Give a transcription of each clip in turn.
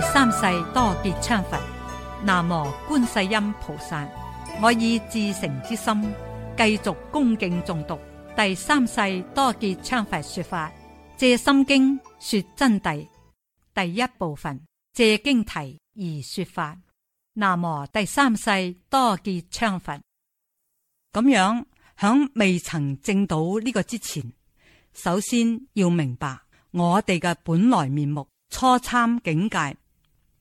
第三世多杰羌佛，南無觀世音菩薩。我以至誠之心，繼續恭敬重讀《第三世多杰羌佛》說法《借心經》說真諦第一部分《借經題》而說法。南無第三世多杰羌佛。咁樣喺未曾證到呢個之前，首先要明白我哋嘅本來面目，初參境界。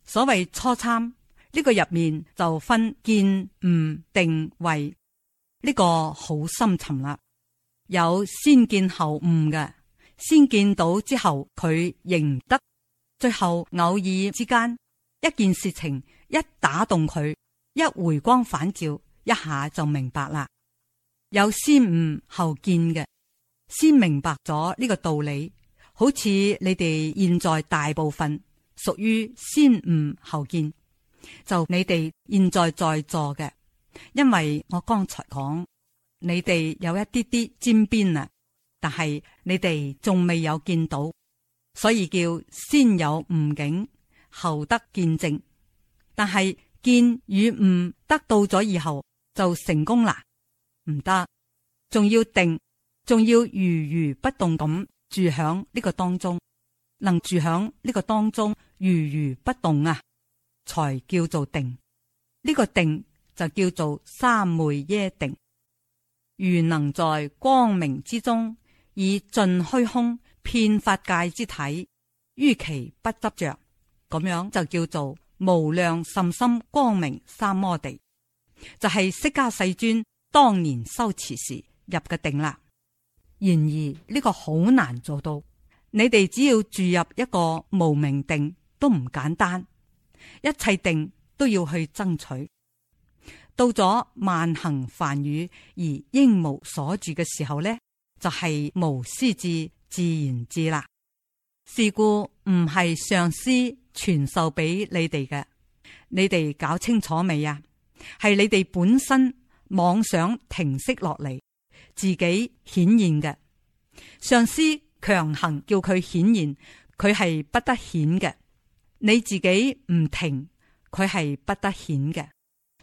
所謂初參呢、這個入面就分見悟定位，呢、這個好深沉啦，有先見後悟嘅，先見到之後佢認得，最後偶爾之間一件事情一打動佢，一回光返照，一下就明白啦。有先悟後見嘅，先明白咗呢個道理，好似你哋現在大部分。屬於先悟後見，就你哋現在在座嘅。因為我剛才講你哋有一啲啲沾邊啦，但係你哋仲未有見到，所以叫先有悟境後得見證。但係見與悟得到咗以後就成功啦？唔得，仲要定，仲要如如不動咁住響呢個當中，能住響呢個當中。如如不動啊，才叫做定。呢、這個定就叫做三昧耶定。如能在光明之中，以盡虛空遍法界之體，於其不執着，咁樣就叫做無量甚深光明三摩地。就係、是、釋迦世尊當年修持時入嘅定啦。然而呢、這個好難做到。你哋只要住入一個無名定。都唔簡單，一切定都要去爭取。到咗萬行凡語而應無所住嘅時候咧，就係、是、無私自自然自啦。是故唔係上師傳授俾你哋嘅，你哋搞清楚未啊？係你哋本身妄想停息落嚟，自己顯現嘅。上師強行叫佢顯現，佢係不得顯嘅。你自己唔停，佢係不得顯嘅。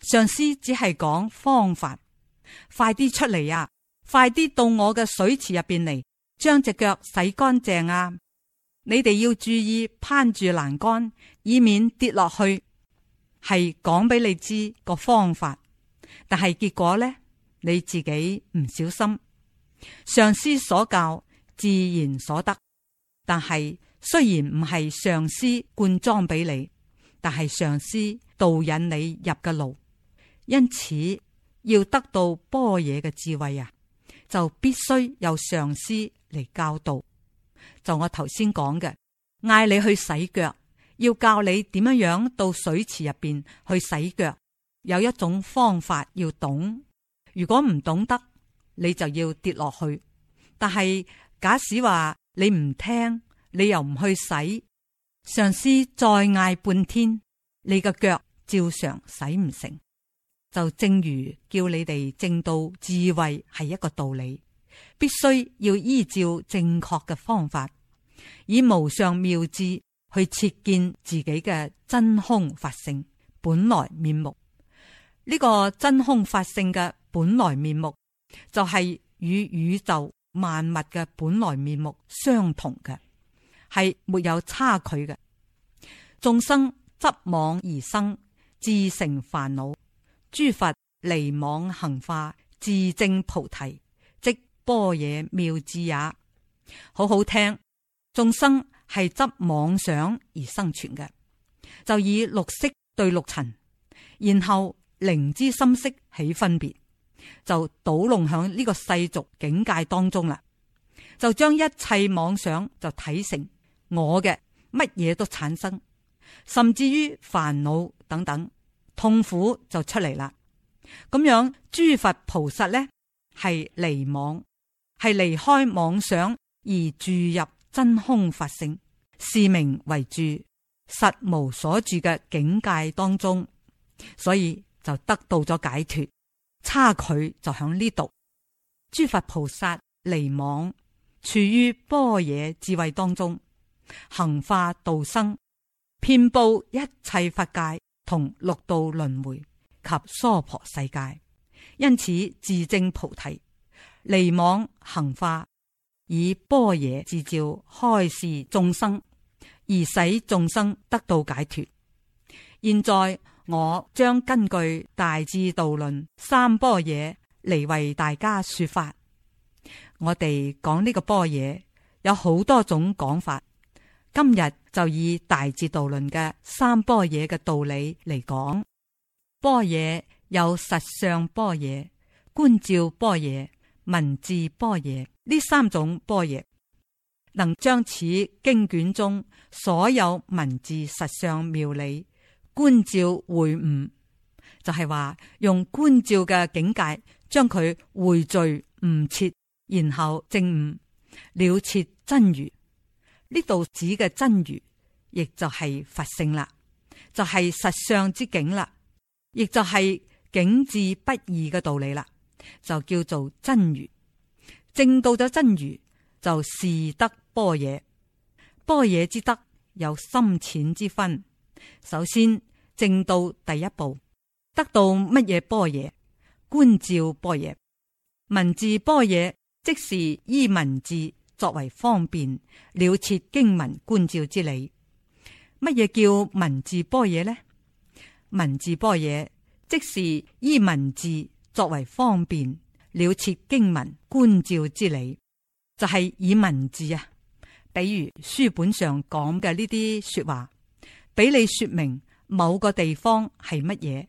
上司只係講方法，快啲出嚟啊！快啲到我嘅水池入邊嚟，將隻腳洗乾淨啊！你哋要注意攀住欄杆，以免跌落去。係講俾你知個方法，但係結果呢，你自己唔小心，上司所教自然所得，但係。雖然唔係上師灌裝俾你，但係上師導引你入嘅路，因此要得到般若嘅智慧啊，就必須有上師嚟教導。就我頭先講嘅，嗌，你去洗腳，要教你點樣樣到水池入邊去洗腳，有一種方法要懂。如果唔懂得，你就要跌落去。但係假使話你唔聽。你又唔去洗，上司再嗌半天，你嘅腳照常洗唔成。就正如叫你哋正道智慧係一個道理，必須要依照正確嘅方法，以無上妙智去徹見自己嘅真空法性本來面目。呢、這個真空法性嘅本來面目就係、是、與宇宙萬物嘅本來面目相同嘅。係沒有差距嘅，眾生執妄而生，自成煩惱；諸佛離妄行化，自證菩提，即般若妙智也。好好聽，眾生係執妄想而生存嘅，就以六色對六塵，然後靈知心識起分別，就倒弄響呢個世俗境界當中啦，就將一切妄想就睇成我嘅乜嘢都產生，甚至於煩惱等等痛苦就出嚟啦。咁樣諸佛菩薩呢，係離妄，係離開妄想而注入真空佛性，是名為住，實無所住嘅境界當中，所以就得到咗解脫。差距就響呢度，諸佛菩薩離妄，處於般若智慧當中。行化度生，遍布一切法界同六道輪迴及娑婆世界，因此自證菩提，離妄行化，以般若自照開示眾生，而使眾生得到解脱。現在我將根據大智道論三般若嚟為大家說法。我哋講呢個般若有好多種講法。今日就以大智度論嘅三般若嘅道理嚟講，般若有實相般若、觀照般若、文字般若呢三種般若，能將此經卷中所有文字實相妙理觀照會悟，就係、是、話用觀照嘅境界將佢匯聚悟徹，然後正悟了徹真如。呢度指嘅真如，亦就係佛性啦，就係實相之境啦，亦就係境智不二嘅道理啦，就叫做真如。正到咗真如，就是得般若，般若之德有深淺之分。首先，正到第一步得到乜嘢般若？觀照般若，文字般若，即是依文字。作為方便了徹經文觀照之理，乜嘢叫文字般若呢？文字般若即是依文字作為方便了徹經文觀照之理，就係、是、以文字啊，比如書本上講嘅呢啲說話，俾你說明某個地方係乜嘢，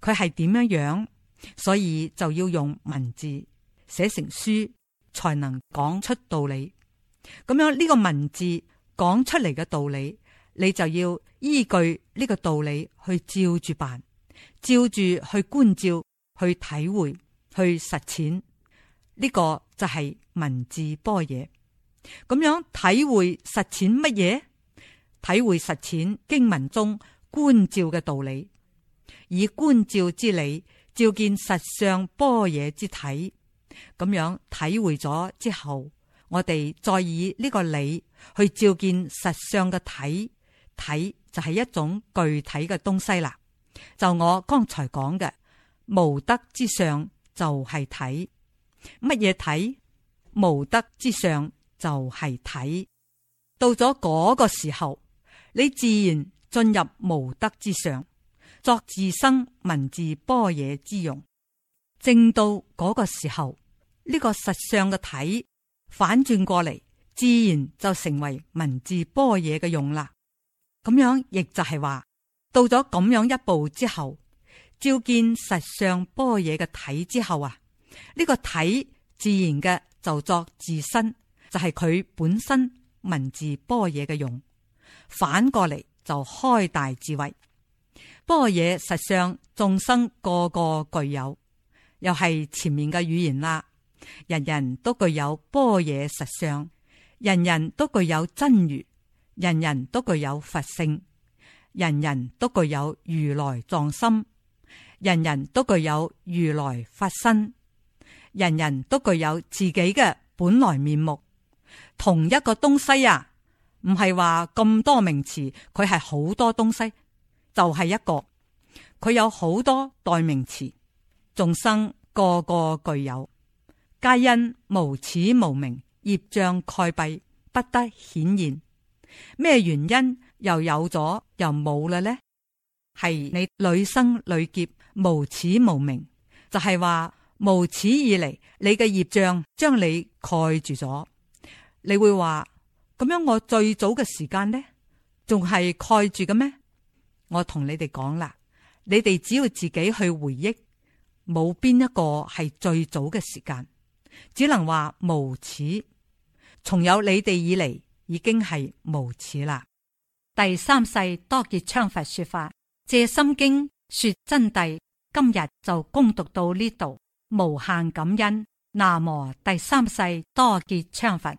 佢係點樣樣，所以就要用文字寫成書，才能講出道理。咁樣呢個文字講出嚟嘅道理，你就要依據呢個道理去照住辦，照住去觀照、去體會、去實踐。呢、這個就係文字般若。咁樣體會實踐乜嘢？體會實踐經文中觀照嘅道理，以觀照之理照見實相般若之體。咁樣體會咗之後。我哋再以呢個理去照見實相嘅體，體就係一種具體嘅東西啦。就我剛才講嘅，無德之上就係體。乜嘢體？無德之上就係體。到咗嗰個時候，你自然進入無德之上，作自生文字般若之用。正到嗰個時候，呢個實相嘅體。反轉過嚟，自然就成為文字般若嘅用啦。咁樣亦就係話，到咗咁樣一步之後，照見實相般若嘅體之後啊，呢、這個體自然嘅就作自身，就係、是、佢本身文字般若嘅用。反過嚟就開大智慧，般若實相眾生個個具有，又係前面嘅語言啦。人人都具有般若實相，人人都具有真如，人人都具有佛性，人人都具有如來藏心，人人都具有如來法身，人人都具有自己嘅本來面目。同一個東西啊，唔係話咁多名詞，佢係好多東西，就係、是、一個佢有好多代名詞，眾生個個具有。皆因無始無明，業障蓋蔽，不得顯現。咩原因又有咗又冇咧？呢？係你累生累劫，無始無明，就係、是、話無始以嚟，你嘅業障將，將你蓋住咗。你會話咁樣？我最早嘅時間呢？仲係蓋住嘅咩？我同你哋講啦，你哋只要自己去回憶，冇邊一個係最早嘅時間。只能話無恥，從有你哋以嚟已經係無恥啦。第三世多杰羌佛說法《藉心經》說真諦，今日就恭讀到呢度，無限感恩。南無第三世多杰羌佛。